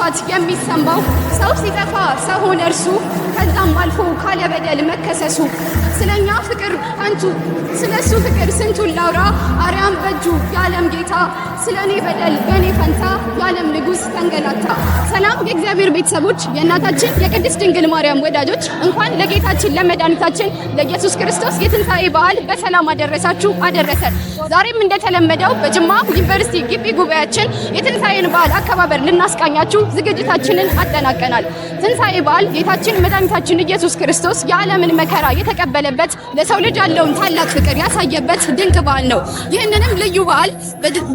መጥፋት የሚሰማው ሰው ሲጠፋ ሰውን እርሱ ከዛም አልፎ ካለበደል መከሰሱ ስለኛ ፍቅር አንቱ ስለ እሱ ፍቅር ስንቱን ላውራ አርያም በእጁ የዓለም ጌታ ስለ እኔ በደል በእኔ ፈንታ የዓለም ንጉሥ ተንገላታ። ሰላም የእግዚአብሔር ቤተሰቦች፣ የእናታችን የቅድስት ድንግል ማርያም ወዳጆች እንኳን ለጌታችን ለመድኃኒታችን ለኢየሱስ ክርስቶስ የትንሣኤ በዓል በሰላም አደረሳችሁ አደረሰን። ዛሬም እንደተለመደው በጅማ ዩኒቨርሲቲ ግቢ ጉባኤያችን የትንሣኤን በዓል አከባበር ልናስቃኛችሁ ዝግጅታችንን አጠናቀናል። ትንሣኤ በዓል ጌታችን መድኃኒታችን ኢየሱስ ክርስቶስ የዓለምን መከራ የተቀበለበት ለሰው ልጅ ያለውን ታላቅ ፍቅር ያሳየበት ድንቅ በዓል ነው። ይህንንም ልዩ በዓል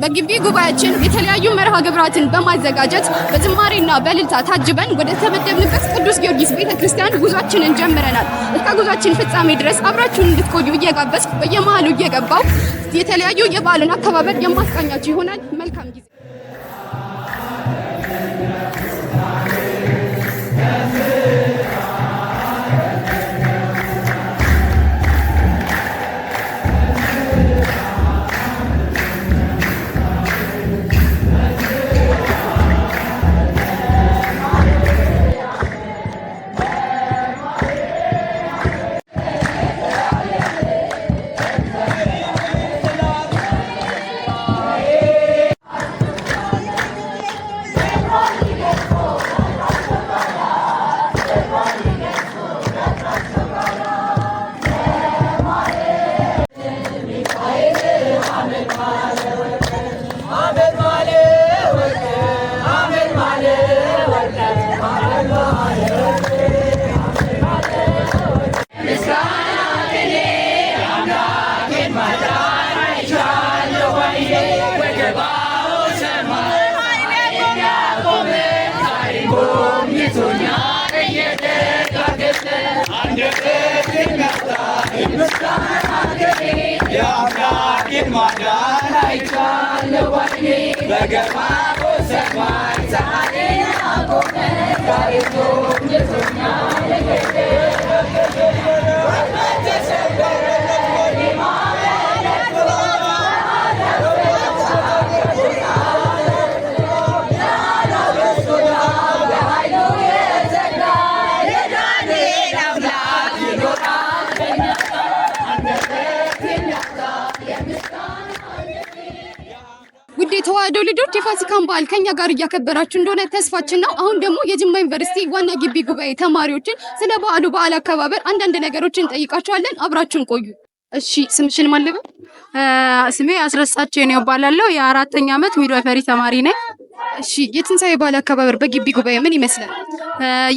በግቢ በየጉባኤያችን ጉባኤችን የተለያዩ መርሃ ግብራትን በማዘጋጀት በዝማሬና በልልታ ታጅበን ወደ ተመደብንበት ቅዱስ ጊዮርጊስ ቤተክርስቲያን ጉዟችንን ጀምረናል። እስከ ጉዟችን ፍጻሜ ድረስ አብራችሁን እንድትቆዩ እየጋበዝኩ በየመሃሉ እየገባው የተለያዩ የበዓሉን አከባበር የማስቃኛችሁ ይሆናል። መልካም ጊዜ Amén. ማዳን አይቻለሁ ባይኔ በገማ ሰማይ ዛሬ አቆመ ታሪቶ የቶኛ ለገደ የፋሲካን በዓል ከኛ ጋር እያከበራችሁ እንደሆነ ተስፋችን ነው። አሁን ደግሞ የጅማ ዩኒቨርሲቲ ዋና ግቢ ጉባኤ ተማሪዎችን ስለ በዓሉ በዓል አከባበር አንዳንድ ነገሮችን እንጠይቃቸዋለን። አብራችሁን ቆዩ። እሺ ስምሽን ማለበ? ስሜ አስረሳቸው ነው እባላለሁ። የአራተኛ ዓመት ሚድዋይፈሪ ተማሪ ነኝ። እሺ የትንሳኤ በዓል አከባበር በግቢ ጉባኤ ምን ይመስላል?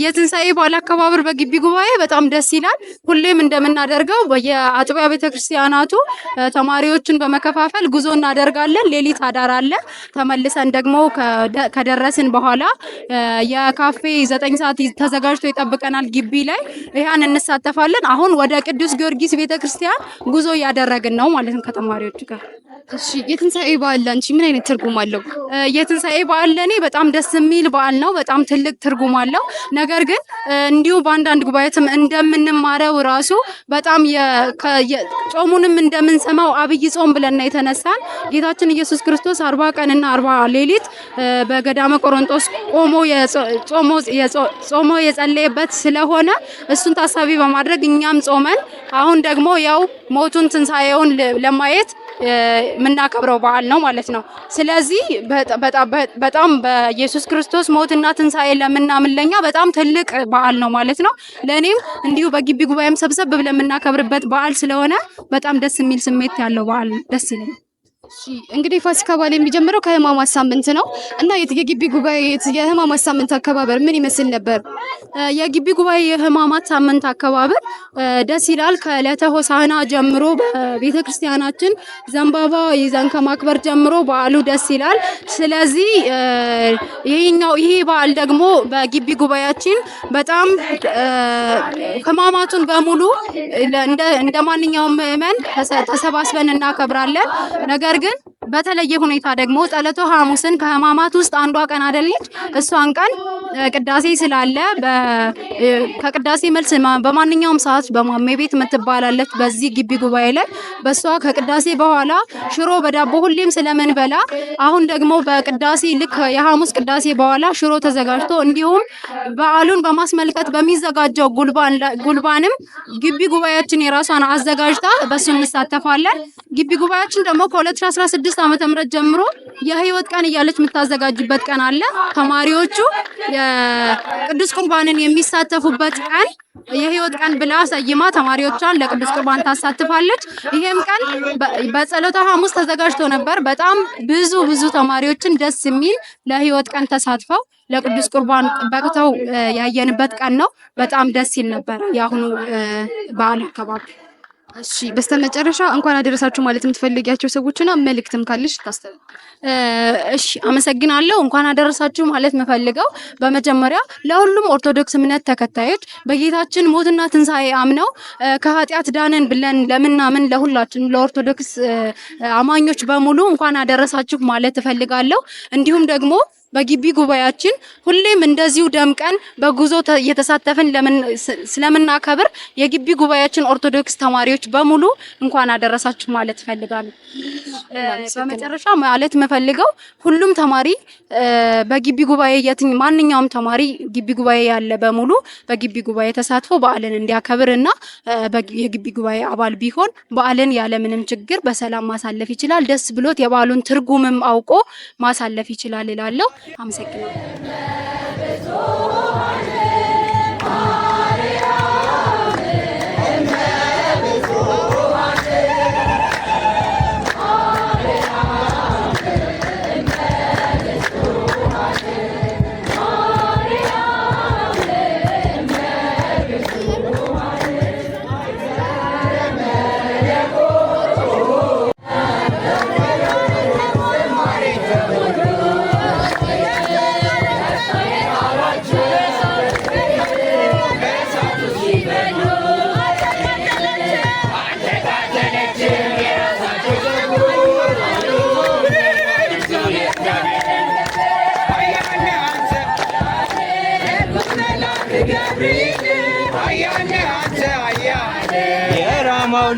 የትንሳኤ በዓል አከባበር በግቢ ጉባኤ በጣም ደስ ይላል። ሁሌም እንደምናደርገው የአጥቢያ ቤተክርስቲያናቱ ተማሪዎችን በመከፋፈል ጉዞ እናደርጋለን። ሌሊት አዳር አለ። ተመልሰን ደግሞ ከደረስን በኋላ የካፌ ዘጠኝ ሰዓት ተዘጋጅቶ ይጠብቀናል ግቢ ላይ ያን እንሳተፋለን። አሁን ወደ ቅዱስ ጊዮርጊስ ቤተክርስቲያን ጉዞ እያደረግን ነው ማለት ነው ከተማሪዎች ጋር። እሺ የትንሳኤ በዓል አንቺ ምን አይነት ትርጉም አለው? የትንሳኤ በዓል በዓል ለእኔ በጣም ደስ የሚል በዓል ነው። በጣም ትልቅ ትርጉም አለው። ነገር ግን እንዲሁ በአንዳንድ ጉባኤትም እንደምንማረው ራሱ በጣም ጾሙንም እንደምንሰማው አብይ ጾም ብለን የተነሳን ጌታችን ኢየሱስ ክርስቶስ አርባ ቀንና አርባ ሌሊት በገዳመ ቆሮንጦስ ጾሞ የጸለየበት ስለሆነ እሱን ታሳቢ በማድረግ እኛም ጾመን አሁን ደግሞ ያው ሞቱን ትንሣኤውን ለማየት የምናከብረው በዓል ነው ማለት ነው። ስለዚህ በጣም በኢየሱስ ክርስቶስ ሞትና ትንሣኤ ለምናምን ለኛ በጣም ትልቅ በዓል ነው ማለት ነው። ለእኔም እንዲሁ በግቢ ጉባኤም ሰብሰብ ብለን የምናከብርበት በዓል ስለሆነ በጣም ደስ የሚል ስሜት ያለው በዓል ደስ ይለኛል። እንግዲህ ፋሲካ በዓል የሚጀምረው ከህማማት ሳምንት ነው እና የግቢ ጉባኤ የህማማት ሳምንት አከባበር ምን ይመስል ነበር? የግቢ ጉባኤ የህማማት ሳምንት አከባበር ደስ ይላል። ከዕለተ ሆሳና ጀምሮ በቤተ ክርስቲያናችን ዘንባባ ይዘን ከማክበር ጀምሮ በዓሉ ደስ ይላል። ስለዚህ ይሄኛው ይሄ በዓል ደግሞ በግቢ ጉባኤያችን በጣም ህማማቱን በሙሉ እንደ ማንኛውም ምዕመን ተሰባስበን እናከብራለን ነገር Morgan? በተለየ ሁኔታ ደግሞ ጸሎተ ሐሙስን ከህማማት ውስጥ አንዷ ቀን አይደለች። እሷን ቀን ቅዳሴ ስላለ ከቅዳሴ መልስ በማንኛውም ሰዓት በማሜ ቤት የምትባላለች በዚህ ግቢ ጉባኤ ላይ በእሷ ከቅዳሴ በኋላ ሽሮ በዳቦ ሁሌም ስለምንበላ አሁን ደግሞ በቅዳሴ ልክ የሐሙስ ቅዳሴ በኋላ ሽሮ ተዘጋጅቶ እንዲሁም በዓሉን በማስመልከት በሚዘጋጀው ጉልባንም ግቢ ጉባኤያችን የራሷን አዘጋጅታ በሱ እንሳተፋለን። ግቢ ጉባኤያችን ደግሞ ከ2016 2016 ዓመተ ምህረት ጀምሮ የህይወት ቀን እያለች የምታዘጋጅበት ቀን አለ። ተማሪዎቹ የቅዱስ ቁርባንን የሚሳተፉበት ቀን የህይወት ቀን ብላ ሰይማ ተማሪዎቿን ለቅዱስ ቁርባን ታሳትፋለች። ይሄም ቀን በጸሎተ ሐሙስ ተዘጋጅቶ ነበር። በጣም ብዙ ብዙ ተማሪዎችን ደስ የሚል ለህይወት ቀን ተሳትፈው ለቅዱስ ቁርባን በቅተው ያየንበት ቀን ነው። በጣም ደስ ይል ነበር የአሁኑ በዓል አካባቢ እሺ በስተመጨረሻ እንኳን አደረሳችሁ ማለት የምትፈልጊያቸው ሰዎችና መልእክትም ካለሽ ታስተል። እሺ አመሰግናለሁ። እንኳን አደረሳችሁ ማለት የምፈልገው በመጀመሪያ ለሁሉም ኦርቶዶክስ እምነት ተከታዮች በጌታችን ሞትና ትንሣኤ አምነው ከኃጢአት ዳነን ብለን ለምናምን ለሁላችን ለኦርቶዶክስ አማኞች በሙሉ እንኳን አደረሳችሁ ማለት እፈልጋለሁ። እንዲሁም ደግሞ በግቢ ጉባኤያችን ሁሌም እንደዚሁ ደምቀን በጉዞ እየተሳተፍን ስለምናከብር የግቢ ጉባኤያችን ኦርቶዶክስ ተማሪዎች በሙሉ እንኳን አደረሳችሁ ማለት ፈልጋለሁ። በመጨረሻ ማለት የምፈልገው ሁሉም ተማሪ በግቢ ጉባኤ የትኝ ማንኛውም ተማሪ ግቢ ጉባኤ ያለ በሙሉ በግቢ ጉባኤ ተሳትፎ በዓልን እንዲያከብር እና የግቢ ጉባኤ አባል ቢሆን በዓልን ያለምንም ችግር በሰላም ማሳለፍ ይችላል። ደስ ብሎት የበዓሉን ትርጉምም አውቆ ማሳለፍ ይችላል እላለሁ። አመሰግናለሁ።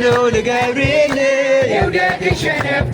ልዑል ገብርኤል የውደት ሸነፍ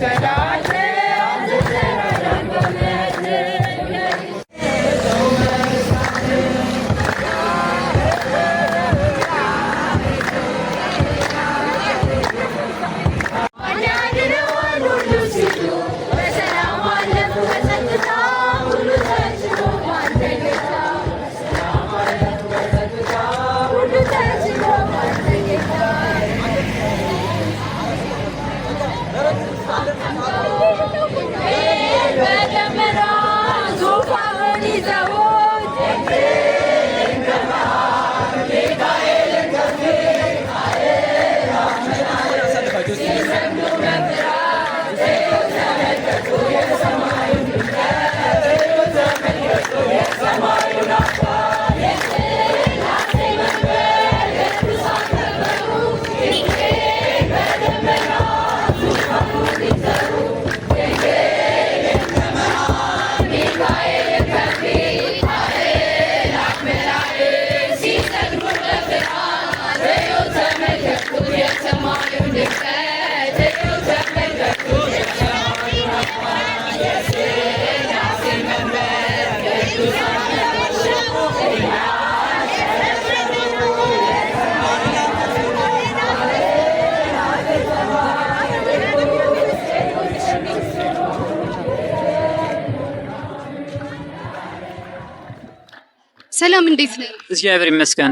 ሰላም እንዴት ነህ? እግዚአብሔር ይመስገን።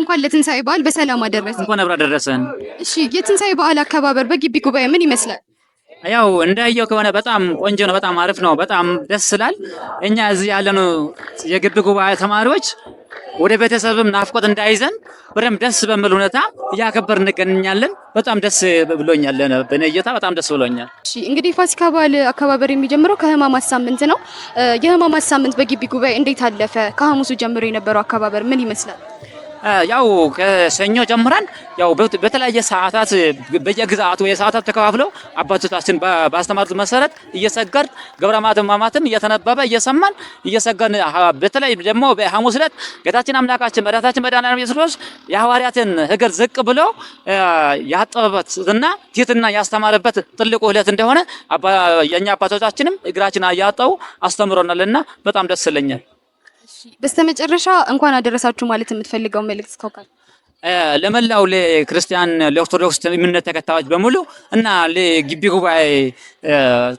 እንኳን ለትንሳኤ በዓል በሰላም አደረሰ። እንኳን አብራ አደረሰን። እሺ፣ የትንሳኤ በዓል አከባበር በግቢ ጉባኤ ምን ይመስላል? ያው እንዳየው ከሆነ በጣም ቆንጆ ነው። በጣም አሪፍ ነው። በጣም ደስ ይላል። እኛ እዚህ ያለነው የግቢ ጉባኤ ተማሪዎች ወደ ቤተሰብም ናፍቆት እንዳይዘን በደንብ ደስ በሚል ሁኔታ እያከበር እንገኛለን። በጣም ደስ ብሎኛል። በእኔ እይታ በጣም ደስ ብሎኛል። እንግዲህ ፋሲካ በዓል አከባበር የሚጀምረው ከህማማት ሳምንት ነው። የህማማት ሳምንት በግቢ ጉባኤ እንዴት አለፈ? ከሐሙሱ ጀምሮ የነበረው አከባበር ምን ይመስላል? ያው ከሰኞ ጀምረን ያው በተለያየ ሰዓታት በየግዛቱ የሰዓታት ተከፋፍለው አባቶቻችን ባስተማሩት መሰረት እየሰገድ ገብረ ማማትን እየተነበበ እየሰማን እየሰገን በተለይ ደግሞ በሐሙስ ዕለት ጌታችን አምላካችን መድኃኒታችን መድኃኒዓለም ኢየሱስ ክርስቶስ የሐዋርያትን እግር ዝቅ ብሎ ያጠበበትና ትሕትና ያስተማረበት ትልቁ ዕለት እንደሆነ የእኛ አባቶቻችንም እግራችን አያጠው አስተምሮናልና በጣም ደስ ይለኛል። በስተመጨረሻ እንኳን አደረሳችሁ ማለት የምትፈልገው መልእክት ስካውካል ለመላው ለክርስቲያን ለኦርቶዶክስ እምነት ተከታዮች በሙሉ እና ለግቢ ጉባኤ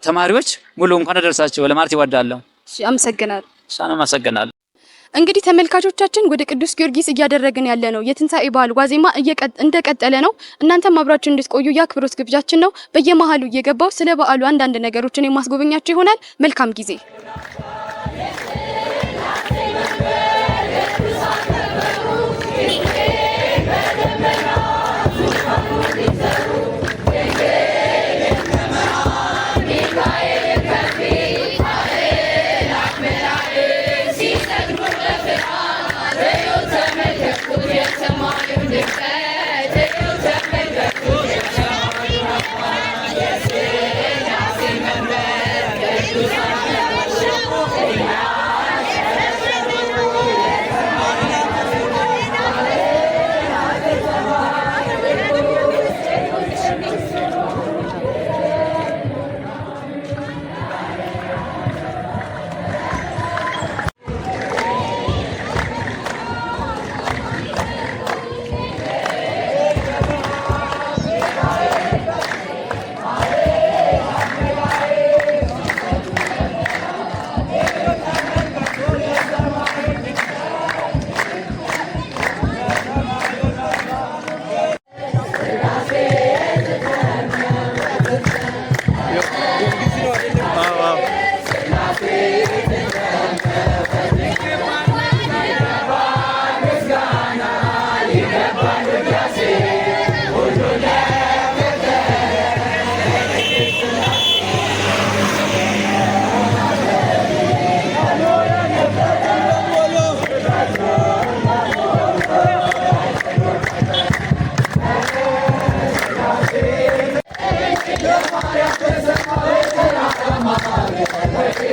ተማሪዎች ሙሉ እንኳን አደረሳችሁ ለማለት ይወዳለሁ። አመሰግናለሁ። አመሰግናለሁ። እንግዲህ ተመልካቾቻችን ወደ ቅዱስ ጊዮርጊስ እያደረግን ያለ ነው የትንሣኤ በዓል ዋዜማ እንደቀጠለ ነው። እናንተም አብራችን እንድትቆዩ የአክብሮት ግብዣችን ነው። በየመሀሉ እየገባው ስለ በዓሉ አንዳንድ ነገሮችን የማስጎበኛችሁ ይሆናል። መልካም ጊዜ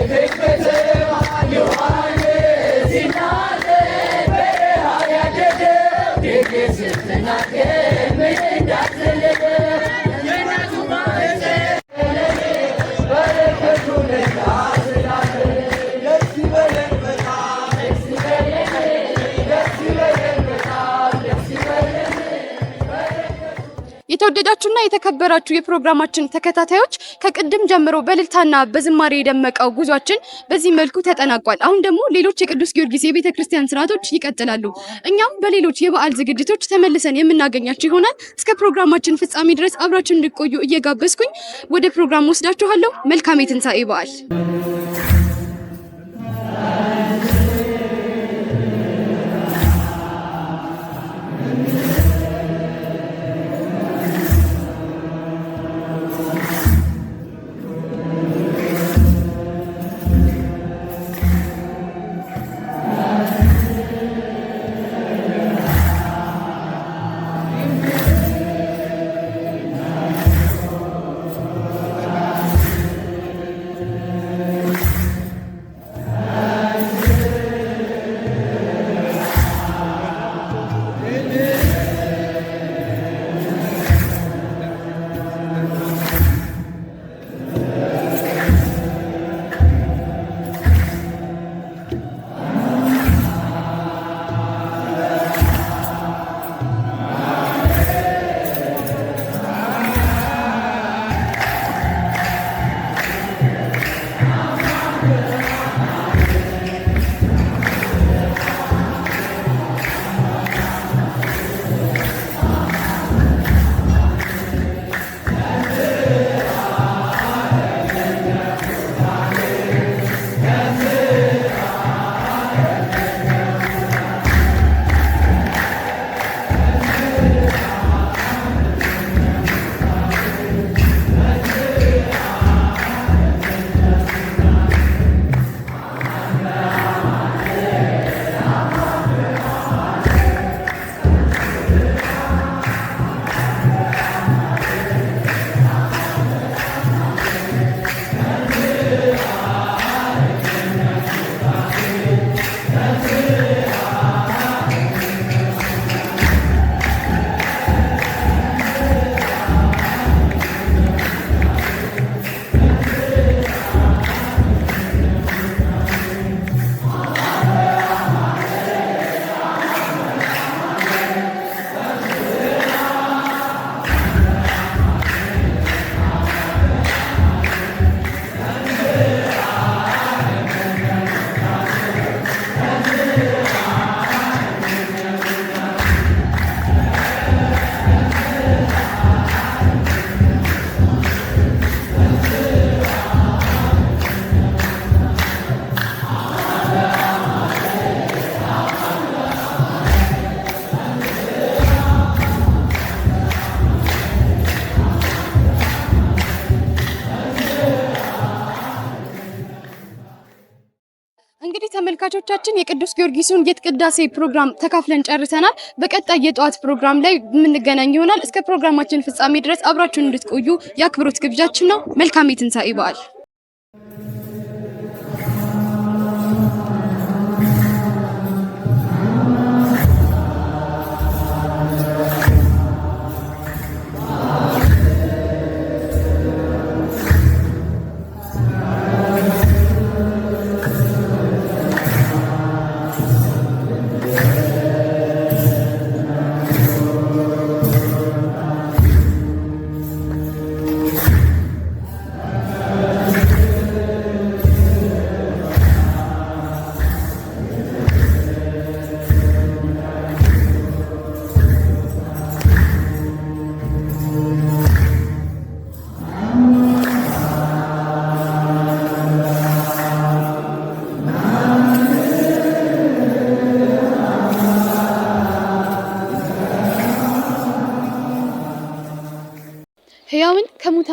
Hey, hey, የተወደዳችሁና የተከበራችሁ የፕሮግራማችን ተከታታዮች ከቅድም ጀምሮ በልልታና በዝማሬ የደመቀው ጉዟችን በዚህ መልኩ ተጠናቋል። አሁን ደግሞ ሌሎች የቅዱስ ጊዮርጊስ የቤተ ክርስቲያን ስርዓቶች ይቀጥላሉ። እኛም በሌሎች የበዓል ዝግጅቶች ተመልሰን የምናገኛችሁ ይሆናል። እስከ ፕሮግራማችን ፍጻሜ ድረስ አብራችን እንድቆዩ እየጋበዝኩኝ ወደ ፕሮግራም ወስዳችኋለሁ። መልካም የትንሳኤ በዓል የቅዱስ ጊዮርጊስን ጌት ቅዳሴ ፕሮግራም ተካፍለን ጨርሰናል። በቀጣይ የጠዋት ፕሮግራም ላይ የምንገናኝ ይሆናል። እስከ ፕሮግራማችን ፍጻሜ ድረስ አብራችሁን እንድትቆዩ የአክብሮት ግብዣችን ነው። መልካም የትንሣኤ በዓል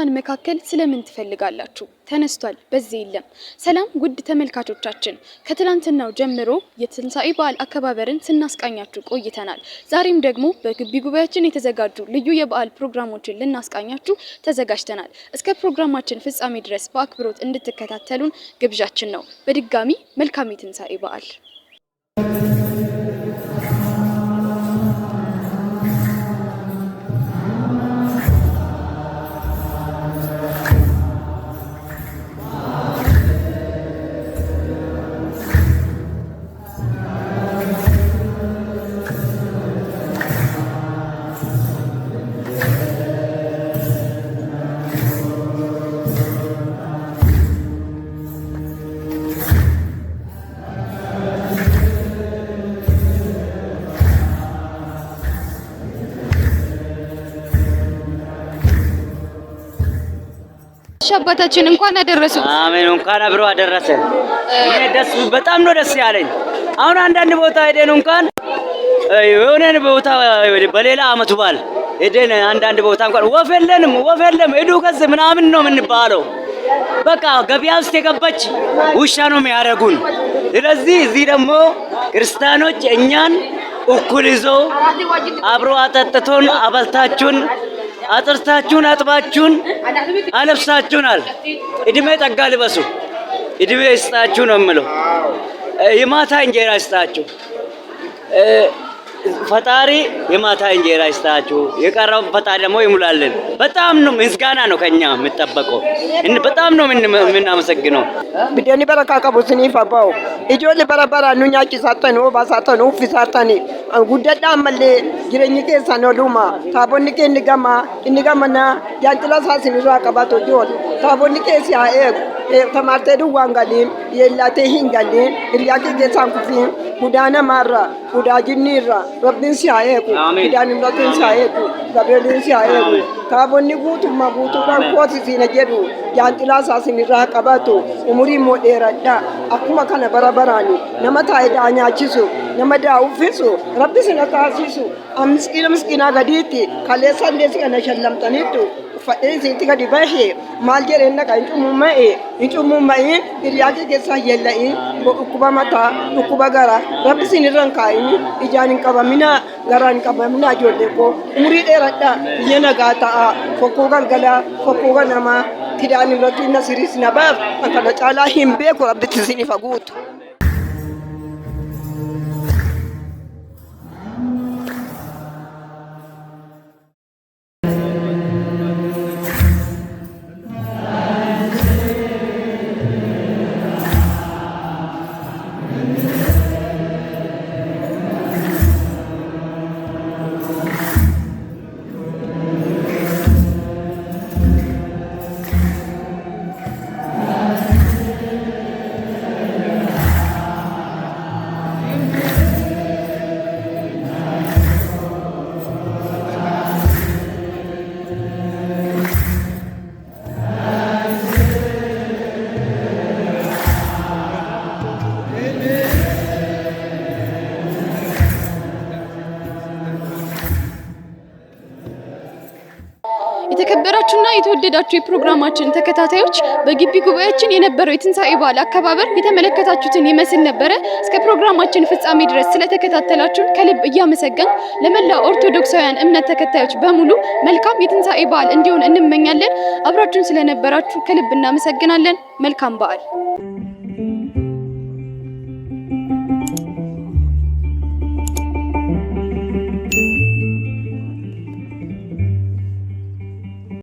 በብርሃን መካከል ስለምን ትፈልጋላችሁ ተነስቷል በዚህ የለም። ሰላም ውድ ተመልካቾቻችን፣ ከትላንትናው ጀምሮ የትንሳኤ በዓል አከባበርን ስናስቃኛችሁ ቆይተናል። ዛሬም ደግሞ በግቢ ጉባኤያችን የተዘጋጁ ልዩ የበዓል ፕሮግራሞችን ልናስቃኛችሁ ተዘጋጅተናል። እስከ ፕሮግራማችን ፍጻሜ ድረስ በአክብሮት እንድትከታተሉን ግብዣችን ነው። በድጋሚ መልካም የትንሳኤ በዓል እሺ አባታችን እንኳን አደረሱ። አሜን። እንኳን አብሮ አደረሰ። እኔ ደስ በጣም ነው ደስ ያለኝ። አሁን አንዳንድ ቦታ ሄደን እንኳን የሆነን ቦታ በሌላ አመቱ በዓል ሄደን አንዳንድ ቦታ እንኳን ወፍ የለንም ወፍ የለም ከዚህ ምናምን ነው የምንባለው። በቃ ገበያ ውስጥ የገባች ውሻ ነው የሚያደርጉን። ስለዚህ እዚህ ደግሞ ክርስቲያኖች እኛን እኩል ይዞ አብሮ አጠጥቶን አበልታችሁን አጥርታችሁን አጥባችሁን አለብሳችሁናል። እድሜ ጠጋ ልበሱ፣ እድሜ ይስጣችሁ ነው የምለው። የማታ እንጀራ ይስጣችሁ። ፈጣሪ የማታ እንጀራ ይስጣችሁ፣ የቀረው ፈጣሪ ደግሞ ይሙላልን። በጣም ነው ምስጋና ነው ከኛ የምጠበቀው። በጣም ነው የምናመሰግነው። ብደኒ በረካ ቀቡስኒ ፈባው ኢጆሊ በረበራ ኑኛጭ ሳተኑ ባሳተኑ ፊሳተኒ ጉደዳ መሌ ጅረኝ ኬሳ ኖሉማ ታቦኒ ኬ ንገማ እንገመና ጃንጥላ ሳሲኑራ ቀባቶ ጆል ታቦኒ ኬ ሲያኤ ተማርቴ ዱዋን ገሊም የላቴ ሂን ገሊም እሪያቂ ጌሳን ኩፊም ጉዳነ ማራ ጉዳጅኒ ራ ረብን ሲያየቁ ኪዳን ምረቱን ሲያየቁ ገብሬልን ሲያየቁ ካቦኒ ጉቱማ ጉቱዳን ኮሲ ሲነ ጀዱ ጃንጥላ ሳሲን ራ ቀበቱ ኡሙሪ ሞዴረዳ አኩማ ከነ በረበራኒ ነመ ታይዳ ኛቺሱ ነመ ዳውፊሱ ረቢ ሲነ ካሲሱ አምስቂነ ምስቂና ገዲቲ ከሌሰንዴ ሲነ ሸለምጠኒቱ fa'insiitti gadi bahee maal jedheenna ka hin cumumma'e hin cumumma'e hiriyyaata keessaa yeella'e dhukkuba mataa dhukkuba garaa rabbi isin irra hin kaa'ini ijaan hin qabaminaa garaa hin qabaminaa ijoollee koo umurii dheeradhaa biyya nagaa ta'a fokkoo galgalaa fokkoo ganamaa kidaan irratti na siriis na baaf kan kana caalaa hin beeku rabbitti isin ifa guutu. የተከበራችሁና የተወደዳችሁ የፕሮግራማችን ተከታታዮች በግቢ ጉባኤያችን የነበረው የትንሣኤ በዓል አከባበር የተመለከታችሁትን ይመስል ነበረ። እስከ ፕሮግራማችን ፍጻሜ ድረስ ስለተከታተላችሁን ከልብ እያመሰገን ለመላው ኦርቶዶክሳውያን እምነት ተከታዮች በሙሉ መልካም የትንሣኤ በዓል እንዲሆን እንመኛለን። አብራችሁን ስለነበራችሁ ከልብ እናመሰግናለን። መልካም በዓል